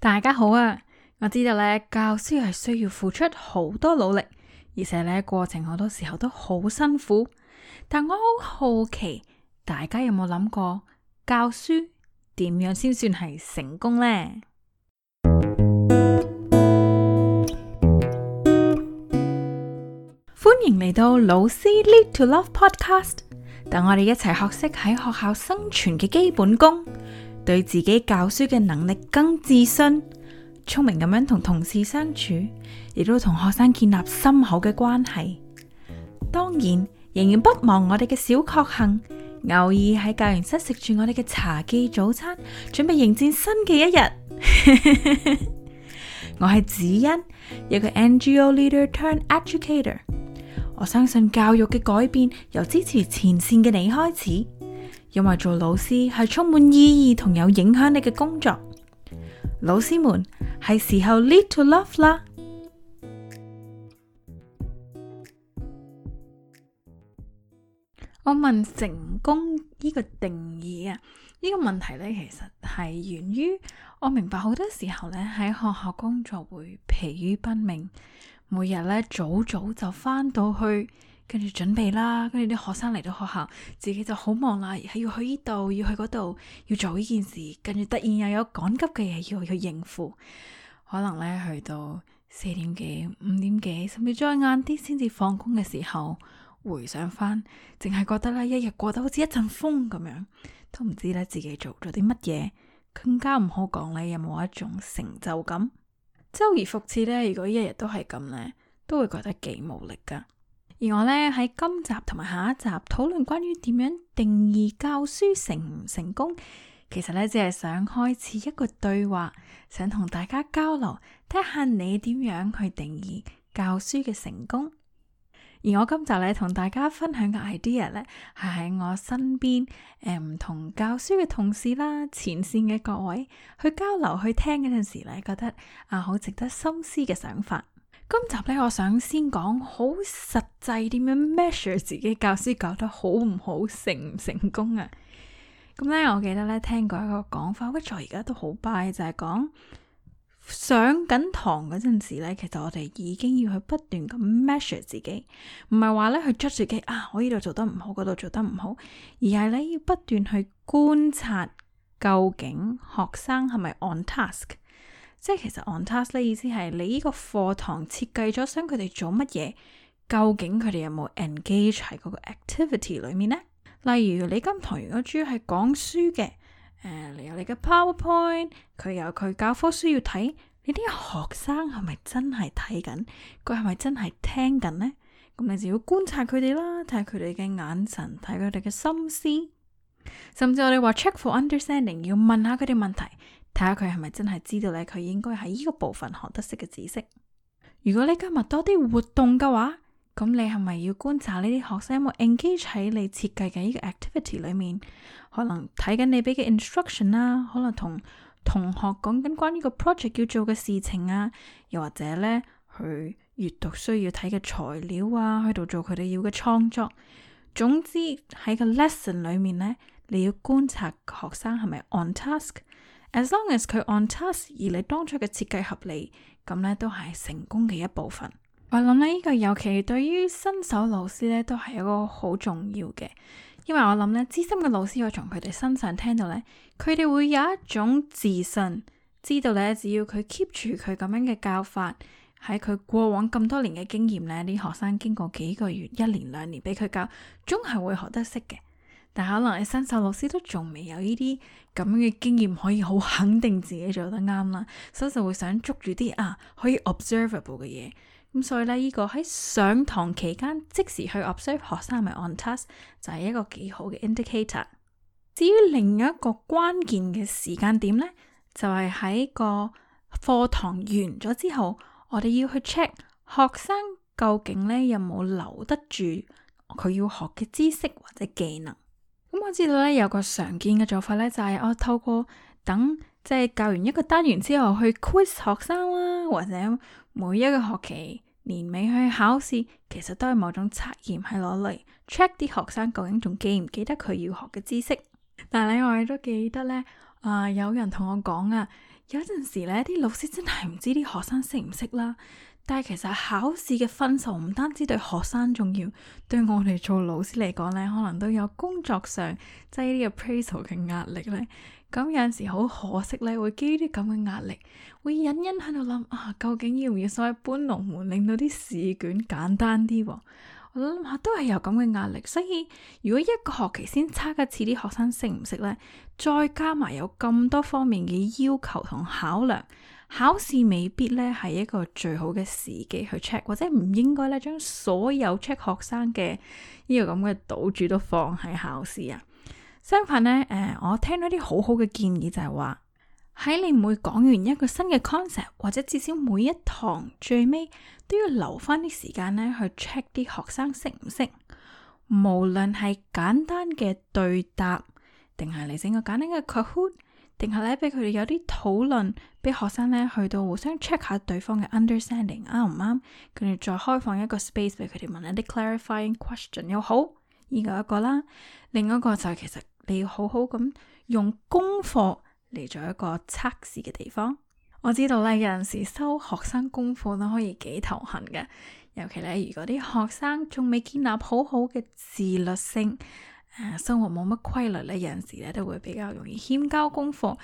大家好啊！我知道咧，教書係需要付出好多努力，而且咧，過程好多時候都好辛苦。但我好好奇，大家有冇諗過教書點樣先算係成功呢？歡迎嚟到老師 Lead to Love Podcast，等我哋一齊學識喺學校生存嘅基本功。對自己教書嘅能力更自信，聰明咁樣同同事相處，亦都同學生建立深厚嘅關係。當然，仍然不忘我哋嘅小確幸，偶爾喺教員室食住我哋嘅茶記早餐，準備迎戰新嘅一日。 我係子欣，有個 NGO leader turned educator。我相信教育嘅改變由支持前線嘅你開始。因為做老師係充滿意義同有影響力嘅工作，老師們係時候 lead to love 啦。我問成功呢個定義啊，呢個問題呢其實係源於我明白好多時候呢喺學校工作會疲於奔命，每日呢早早就返到去。跟住準備啦，跟住啲學生嚟到學校，自己就好忙啦，係要去呢度，要去嗰度，要做呢件事，跟住突然又有緊急嘅嘢要去應付，可能咧去到四點幾、五點幾，甚至再晏啲先至放工嘅時候，回想翻，淨係覺得咧一日過得好似一陣風咁樣，都唔知咧自己做咗啲乜嘢，更加唔好講你有冇一種成就感。周而復始咧，如果一日都係咁咧，都會覺得幾無力噶。而我咧喺今集同埋下一集討論關於點樣定義教書成唔成功，其實咧只係想開始一個對話，想同大家交流，睇下你點樣去定義教書嘅成功。而我今集咧同大家分享嘅 idea 咧，係喺我身邊誒唔、呃、同教書嘅同事啦、前線嘅各位去交流去聽嗰陣時咧，覺得啊好值得深思嘅想法。今集咧，我想先講好實際，點樣 measure 自己教師教得好唔好成唔成功啊？咁、嗯、咧，我記得咧聽過一個講法，我覺得而家都好 buy 就係、是、講，上緊堂嗰陣時咧，其實我哋已經要去不斷咁 measure 自己，唔係話咧去捉住機啊，我呢度做得唔好，嗰度做得唔好，而係咧要不斷去觀察究竟學生係咪 on task。即係其實 on task 嘅意思係你呢個課堂設計咗想佢哋做乜嘢？究竟佢哋有冇 engage 喺嗰個 activity 裏面呢？例如你今堂如果主要係講書嘅，誒、呃、你有你嘅 powerpoint，佢有佢教科書要睇，你啲學生係咪真係睇緊？佢係咪真係聽緊呢？咁你就要觀察佢哋啦，睇下佢哋嘅眼神，睇佢哋嘅心思。甚至我哋話 check for understanding，要問下佢哋問題。睇下佢係咪真係知道咧？佢應該喺呢個部分學得識嘅知識。如果你今日多啲活動嘅話，咁你係咪要觀察呢啲學生有冇 engage 喺你設計嘅呢個 activity 裏面？可能睇緊你俾嘅 instruction 啦、啊，可能同同學講緊關於個 project 要做嘅事情啊，又或者咧，去閱讀需要睇嘅材料啊，喺度做佢哋要嘅創作。總之喺個 lesson 裏面呢，你要觀察學生係咪 on task。As long as 佢 on task，而你當初嘅設計合理，咁呢都係成功嘅一部分。我諗咧呢，呢個尤其對於新手老師呢都係一個好重要嘅，因為我諗呢，資深嘅老師我從佢哋身上聽到呢，佢哋會有一種自信，知道呢，只要佢 keep 住佢咁樣嘅教法，喺佢過往咁多年嘅經驗呢，啲學生經過幾個月、一年、兩年俾佢教，終係會學得識嘅。但可能係新手老師都仲未有呢啲咁嘅經驗，可以好肯定自己做得啱啦，所以就會想捉住啲啊可以 observable 嘅嘢。咁所以呢，呢個喺上堂期間即時去 observe 學生係咪 on task 就係一個幾好嘅 indicator。至於另一個關鍵嘅時間點呢，就係喺個課堂完咗之後，我哋要去 check 學生究竟呢有冇留得住佢要學嘅知識或者技能。咁、嗯、我知道咧，有個常見嘅做法咧，就係、是、我透過等即係教完一個單元之後去 quiz 學生啦，或者每一個學期年尾去考試，其實都係某種測驗，係攞嚟 check 啲學生究竟仲記唔記得佢要學嘅知識。但係我哋都記得咧，啊、呃，有人同我講啊，有陣時咧，啲老師真係唔知啲學生識唔識啦。但係其實考試嘅分數唔單止對學生重要，對我哋做老師嚟講呢，可能都有工作上即係呢個 appraisal 嘅壓力呢。咁有陣時好可惜咧，會基於啲咁嘅壓力，會隱隱喺度諗啊，究竟要唔要所謂搬龍門，令到啲試卷簡單啲？我諗下都係有咁嘅壓力。所以如果一個學期先測一次啲學生識唔識呢，再加埋有咁多方面嘅要求同考量。考試未必咧係一個最好嘅時機去 check，或者唔應該咧將所有 check 學生嘅呢個咁嘅賭注都放喺考試啊。相反呢，誒、呃、我聽到啲好好嘅建議就係話，喺你每講完一個新嘅 concept，或者至少每一堂最尾都要留翻啲時間咧去 check 啲學生識唔識，無論係簡單嘅對答，定係你整個簡單嘅定係咧，俾佢哋有啲討論，俾學生咧去到互相 check 下對方嘅 understanding 啱唔啱，跟住再開放一個 space 俾佢哋問一啲 clarifying question 又好。呢個一個啦，另一個就係其實你要好好咁用功課嚟做一個測試嘅地方。我知道咧，有陣時收學生功課都可以幾頭痕嘅，尤其咧如果啲學生仲未建立好好嘅自律性。啊，生活冇乜規律咧，有陣時咧都會比較容易欠交功課，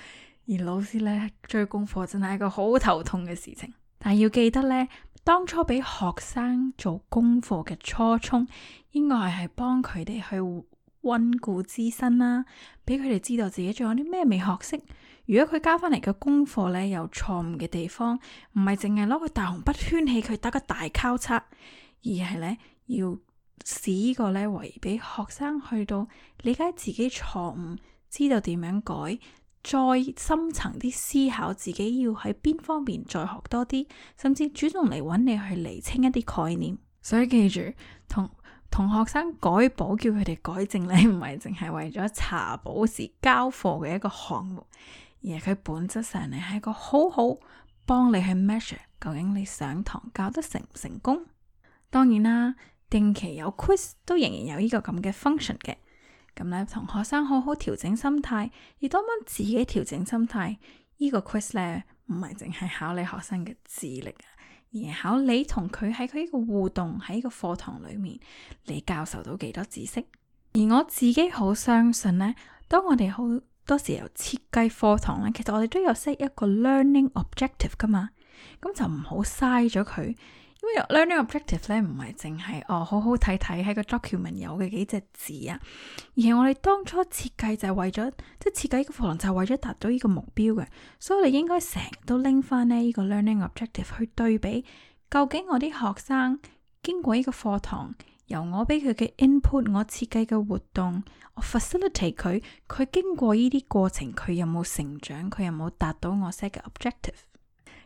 而老師咧追功課真係一個好頭痛嘅事情。但要記得咧，當初俾學生做功課嘅初衷，應該係係幫佢哋去溫故知新啦，俾佢哋知道自己仲有啲咩未學識。如果佢交翻嚟嘅功課咧有錯誤嘅地方，唔係淨係攞個大紅筆圈起佢打個大交叉，而係咧要。使呢個咧為俾學生去到理解自己錯誤，知道點樣改，再深層啲思考自己要喺邊方面再學多啲，甚至主動嚟揾你去厘清一啲概念。所以記住，同同學生改簿叫佢哋改正，你唔係淨係為咗查簿時交貨嘅一個項目，而係佢本質上嚟係一個好好幫你去 measure 究竟你上堂教得成唔成功。當然啦。定期有 quiz 都仍然有呢個咁嘅 function 嘅，咁、嗯、咧同學生好好調整心態，而當幫自己調整心態，這個、呢個 quiz 咧唔係淨係考你學生嘅智力啊，而考你同佢喺佢呢個互動喺呢個課堂裏面，你教授到幾多知識，而我自己好相信呢，當我哋好多時候設計課堂呢，其實我哋都有 set 一個 learning objective 噶嘛，咁就唔好嘥咗佢。Learning objective 咧，唔係淨係哦好好睇睇，喺個 document 有嘅幾隻字啊，而係我哋當初設計就係為咗，即係設計呢個課堂就係為咗達到呢個目標嘅，所以我哋應該成日都拎翻咧，呢個 learning objective 去對比，究竟我啲學生經過呢個課堂，由我俾佢嘅 input，我設計嘅活動，我 facilitate 佢，佢經過呢啲過程，佢有冇成長，佢有冇達到我 set 嘅 objective？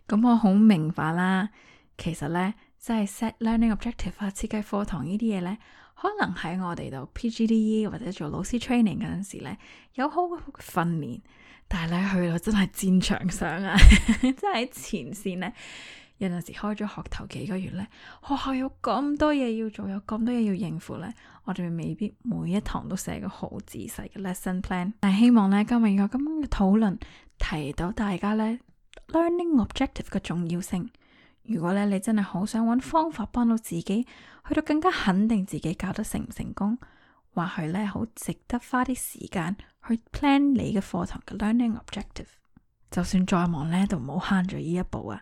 咁、嗯、我好明白啦，其實咧。即係 set learning objective 啊，設計課堂呢啲嘢呢，可能喺我哋度 PGDE 或者做老師 training 嗰陣時呢，有好好嘅訓練，但係呢，去到真係戰場上啊，即係喺前線呢，有陣時開咗學頭幾個月呢，學校有咁多嘢要做，有咁多嘢要應付呢，我哋未必每一堂都寫個好仔細嘅 lesson plan。但係希望呢，今日有咁嘅討論提到大家呢 learning objective 嘅重要性。如果咧，你真係好想揾方法幫到自己，去到更加肯定自己教得成唔成功，或許咧好值得花啲時間去 plan 你嘅課堂嘅 learning objective。就算再忙咧都唔好慳咗呢一步啊！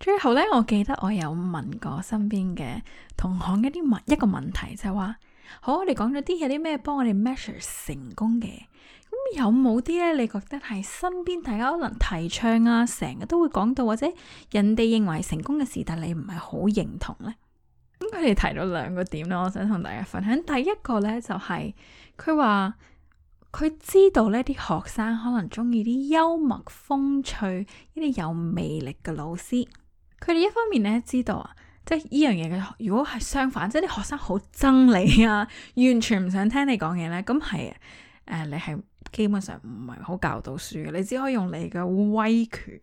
最後咧，我記得我有問過身邊嘅同行一啲問一個問題，就係話：好，我哋講咗啲有啲咩幫我哋 measure 成功嘅？有冇啲咧？你覺得係身邊大家可能提倡啊，成日都會講到，或者人哋認為成功嘅事，但你唔係好認同呢？咁佢哋提到兩個點咧，我想同大家分享。第一個呢，就是，就係佢話佢知道呢啲學生可能中意啲幽默風趣、呢啲有魅力嘅老師。佢哋一方面呢知道啊，即係呢樣嘢嘅。如果係相反，即係啲學生好憎你啊，完全唔想聽你講嘢呢。咁係誒，你係。基本上唔係好教到書嘅，你只可以用你嘅威權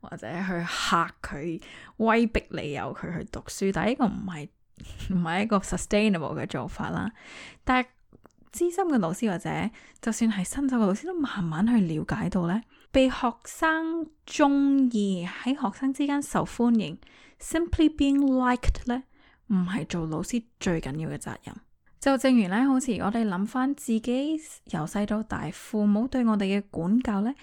或者去嚇佢，威逼理由佢去讀書，但係呢個唔係唔係一個 sustainable 嘅做法啦。但係資深嘅老師或者就算係新手嘅老師都慢慢去了解到咧，被學生中意喺學生之間受歡迎，simply being liked 咧，唔係做老師最緊要嘅責任。就正如咧，好似我哋諗翻自己由細到大，父母對我哋嘅管教呢，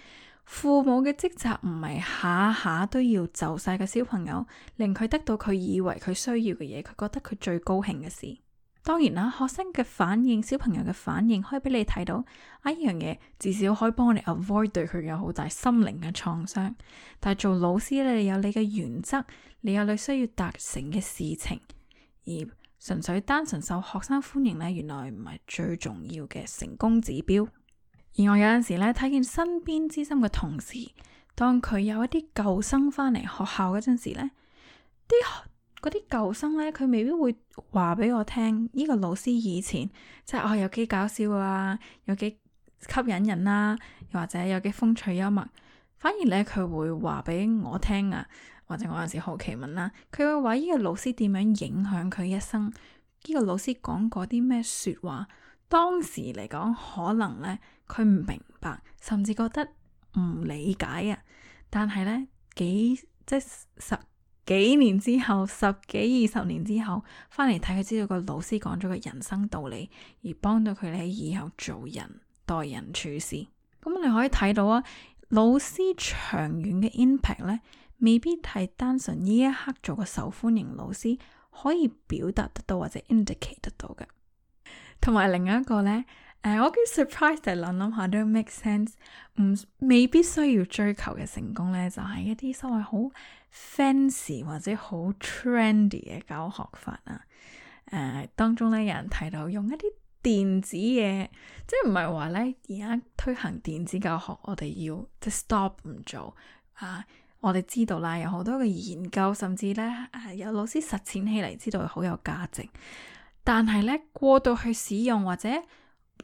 父母嘅職責唔係下下都要就晒個小朋友，令佢得到佢以為佢需要嘅嘢，佢覺得佢最高興嘅事。當然啦，學生嘅反應，小朋友嘅反應，可以俾你睇到啊，呢樣嘢至少可以幫我哋 avoid 對佢有好大心靈嘅創傷。但係做老師咧，你有你嘅原則，你有你需要達成嘅事情而。純粹單純受學生歡迎呢，原來唔係最重要嘅成功指標。而我有陣時呢，睇見身邊資深嘅同事，當佢有一啲舊生翻嚟學校嗰陣時呢，啲嗰啲舊生呢，佢未必會話俾我聽呢個老師以前即係我，哦，有幾搞笑啊，有幾吸引人啊，又或者有幾風趣幽默，反而呢，佢會話俾我聽啊。或者我有陣時好奇問啦，佢會話：呢個老師點樣影響佢一生？呢個老師講過啲咩說話？當時嚟講，可能呢，佢唔明白，甚至覺得唔理解啊。但係呢，幾即十幾年之後，十幾二十年之後，翻嚟睇，佢知道個老師講咗嘅人生道理，而幫到佢喺以後做人待人處事。咁你可以睇到啊，老師長遠嘅 impact 呢，未必係單純呢一刻做個受歡迎老師可以表達得到，或者 indicate 得到嘅。同埋另外一個呢，誒，我好 surprise，但諗諗下都 make sense，唔未必需要追求嘅成功呢，就係一啲所謂好 fancy 或者好 trendy 嘅教學法啊，誒、呃，當中呢，有人提到用一啲電子嘢，即係唔係話呢而家推行電子教學，我哋要即係 stop 唔做啊。呃我哋知道啦，有好多嘅研究，甚至咧，誒，有老師實踐起嚟，知道好有價值。但係咧，過度去使用或者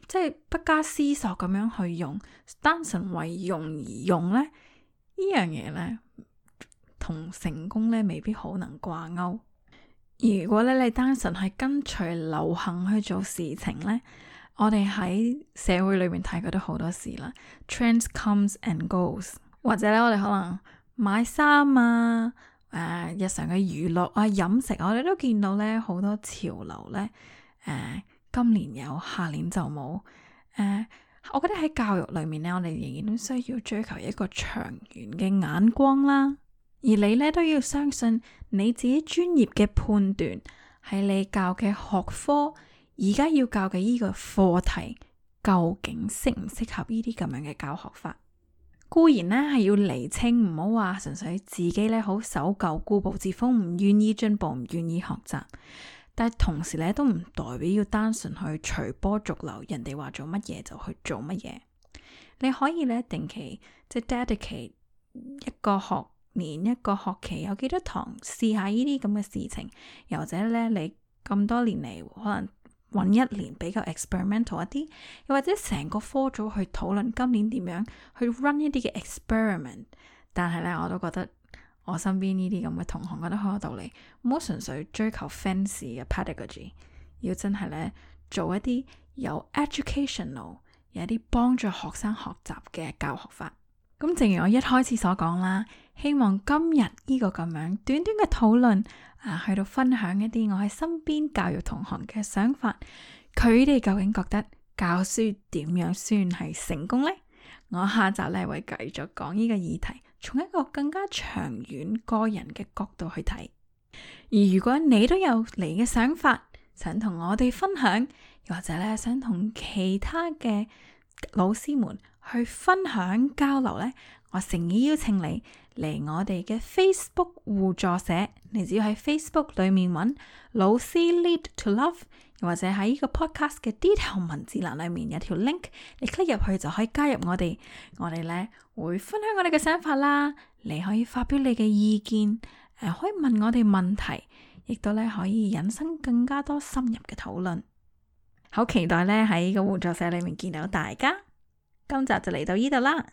即係不加思索咁樣去用，單純為用而用咧，樣呢樣嘢咧，同成功咧未必好能掛鈎。如果咧你單純係跟隨流行去做事情咧，我哋喺社會裏面睇過都好多事啦。Trends comes and goes，或者咧我哋可能。買衫啊，誒、呃，日常嘅娛樂啊，飲食，我哋都見到咧，好多潮流咧，誒、呃，今年有，下年就冇。誒、呃，我覺得喺教育裏面咧，我哋仍然都需要追求一個長遠嘅眼光啦。而你咧都要相信你自己專業嘅判斷，喺你教嘅學科，而家要教嘅呢個課題，究竟適唔適合呢啲咁樣嘅教學法？固然咧係要釐清，唔好話純粹自己咧好守舊、固步自封，唔願意進步，唔願意學習。但係同時咧都唔代表要單純去隨波逐流，人哋話做乜嘢就去做乜嘢。你可以咧定期即係 dedicate 一個學年、一個學期有幾多堂試下呢啲咁嘅事情，或者咧你咁多年嚟可能。揾一年比較 experimental 一啲，又或者成個科組去討論今年點樣去 run 一啲嘅 experiment。但係呢，我都覺得我身邊呢啲咁嘅同行覺得好有道理，唔好純粹追求 fancy 嘅 pedagogy，要真係呢，做一啲有 educational，有一啲幫助學生學習嘅教學法。咁正如我一開始所講啦。希望今日呢個咁樣短短嘅討論啊，去到分享一啲我喺身邊教育同行嘅想法，佢哋究竟覺得教書點樣算係成功呢？我下集咧會繼續講呢個議題，從一個更加長遠個人嘅角度去睇。而如果你都有你嘅想法，想同我哋分享，又或者咧想同其他嘅老師們去分享交流呢，我誠意邀請你嚟我哋嘅 Facebook 互助社，你只要喺 Facebook 裏面揾老師 Lead to Love，又或者喺呢個 Podcast 嘅 detail 文字欄裏面有條 link，你 click 入去就可以加入我哋。我哋呢會分享我哋嘅想法啦，你可以發表你嘅意見，誒、呃、可以問我哋問題，亦都咧可以引申更加多深入嘅討論。好期待呢喺呢個互助社裏面見到大家。今集就嚟到呢度啦。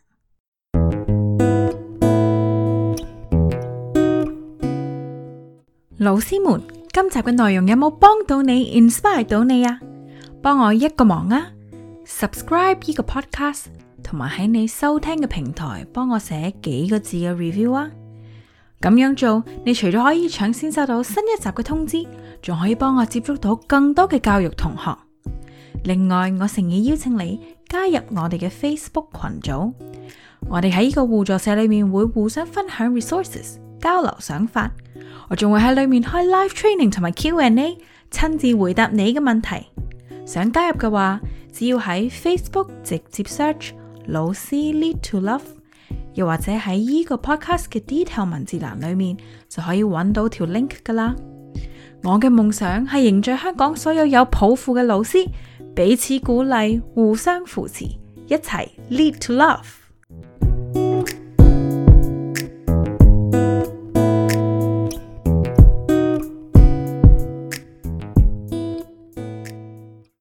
老師們，今集嘅內容有冇幫到你、inspire 到你啊？幫我一個忙啊，subscribe 呢個 podcast，同埋喺你收聽嘅平台幫我寫幾個字嘅 review 啊。咁樣做，你除咗可以搶先收到新一集嘅通知，仲可以幫我接觸到更多嘅教育同學。另外，我誠意邀請你加入我哋嘅 Facebook 群組，我哋喺呢個互助社裏面會互相分享 resources，交流想法。我仲會喺裏面開 live training 同埋 Q&A，親自回答你嘅問題。想加入嘅話，只要喺 Facebook 直接 search 老師 lead to love，又或者喺呢個 podcast 嘅 detail 文字欄裏面就可以揾到條 link 噶啦。我嘅夢想係凝聚香港所有有抱負嘅老師，彼此鼓勵，互相扶持，一齊 lead to love。